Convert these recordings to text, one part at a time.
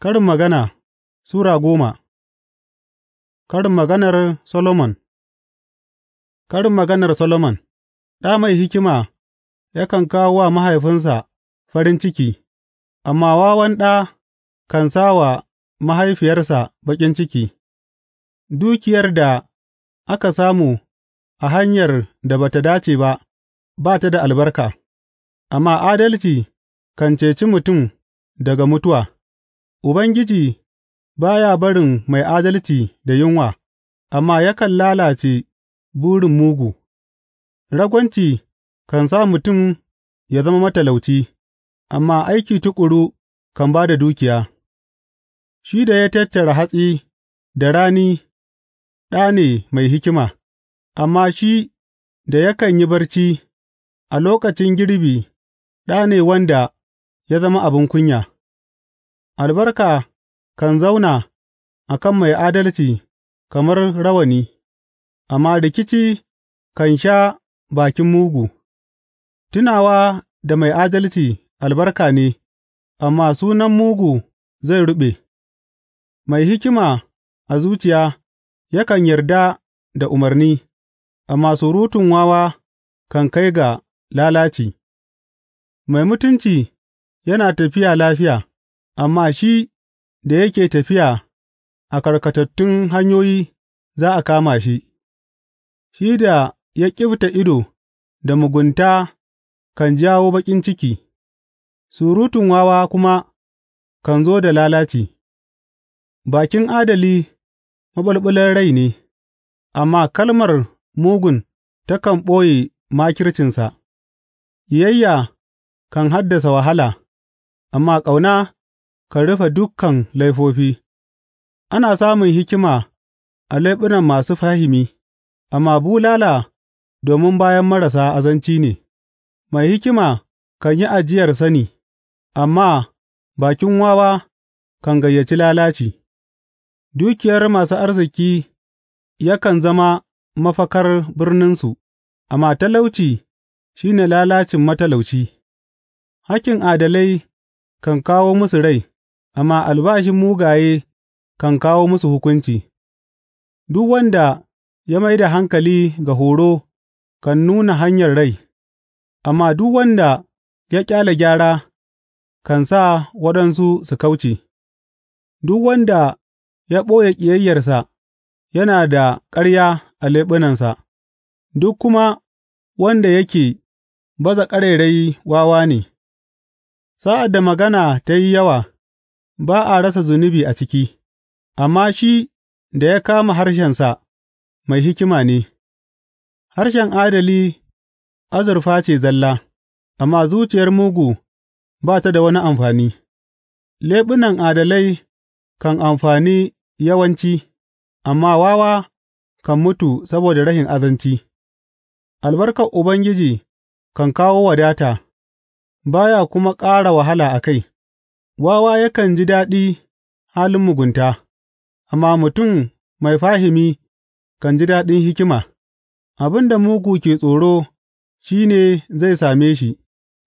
Karin Magana Sura goma Karin maganar Solomon Karin maganar Solomon Ɗa mai hikima yakan kawo wa mahaifinsa farin ciki, amma wawan ɗa kan sa wa mahaifiyarsa baƙin ciki, dukiyar da aka samu a hanyar da ba ta dace ba, ba ta da albarka, amma adalci kan ceci mutum daga mutuwa. Ubangiji ba ya barin mai adalci da yunwa amma yakan lalace burin mugu; ragwanci kan sa mutum ya zama matalauci, amma aiki tuƙuru kan ba da dukiya; shi da ya tattara hatsi da rani ɗa ne mai hikima, amma shi da yakan yi barci a lokacin girbi ɗa ne wanda ya zama abin kunya. Albarka kan zauna a kan mai adalci kamar rawani, amma rikici kan sha bakin mugu; tunawa da mai adalci albarka ne, amma sunan mugu zai ruɓe; mai hikima a zuciya yakan yarda da umarni, amma surutun wawa kan kai ga lalaci; mai mutunci yana tafiya lafiya. amma shi da yake tafiya a karkatattun hanyoyi za a kama shi, shi da ya ƙifta ido da mugunta kan jawo baƙin ciki, surutun wawa kuma kan zo da lalaci, bakin adali maɓulɓular rai ne, amma kalmar mugun takan ɓoye makircinsa, ƙiyayya kan haddasa wahala, amma ƙauna ka rufe dukan laifofi; ana samun hikima a leɓunan masu fahimi, amma bulala domin bayan marasa azanci ne; mai hikima kan yi ajiyar sani, amma bakin wawa kan gayyaci lalaci; dukiyar masu arziki yakan zama mafakar birninsu, amma talauci shi ne lalacin matalauci; hakkin adalai kan kawo musu rai. amma albashin mugaye kan kawo musu hukunci; duk wanda ya mai da hankali ga horo kan nuna hanyar rai, amma duk wanda ya ƙyale gyara kan sa waɗansu su kauce; duk wanda ya ɓoye ƙiyayyarsa yana da ƙarya a leɓunansa, duk kuma wanda yake baza ƙarairayi wawa ne. Sa'ad da magana ta yi yawa. ba a rasa zunubi a ciki, amma shi da ya kama harshensa mai hikima ne, harshen adali azurfa ce zalla, amma zuciyar mugu ba ta da wani amfani, leɓunan adalai kan amfani yawanci, amma wawa kan mutu saboda rashin azanci. Albarkar Ubangiji kan kawo wadata, baya kuma ƙara wahala a kai. Wawa yakan ji daɗi halin mugunta, amma mutum mai fahimi kan ji daɗin hikima; abin da mugu ke tsoro shi ne zai same shi,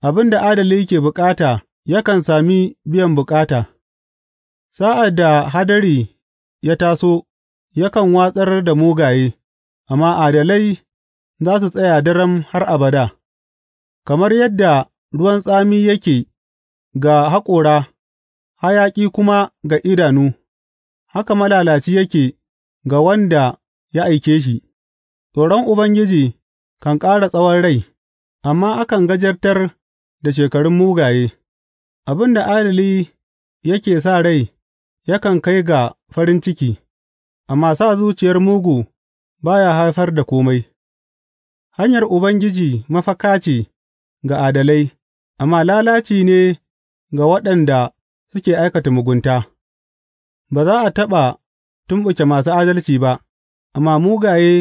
abin da adali ke bukata yakan sami biyan bukata; sa'ad da hadari ya taso, yakan watsar da mugaye, amma adalai za su tsaya daram har abada, kamar yadda ruwan tsami yake ga haƙora. hayaƙi kuma ga idanu, haka malalaci yake ga wanda ya aike shi, tsoron Ubangiji kan ƙara tsawon rai, amma akan gajartar da shekarun mugaye, abin da adali yake sa rai yakan kai ga farin ciki, amma sa zuciyar mugu ba ya haifar da komai. Hanyar Ubangiji mafaka ce ga adalai, amma lalaci ne ga waɗanda suke aikata mugunta, ba za a taɓa tumɓuke masu adalci ba, amma mugaye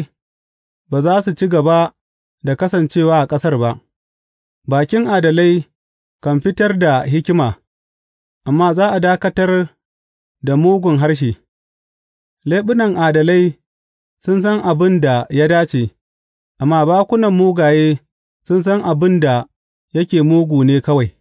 ba za su ci gaba da kasancewa a ƙasar ba, bakin adalai kan fitar da hikima, amma za a dakatar da mugun harshe, leɓunan adalai sun san abin da ya dace, amma bakunan mugaye sun san abin da yake mugu ne kawai.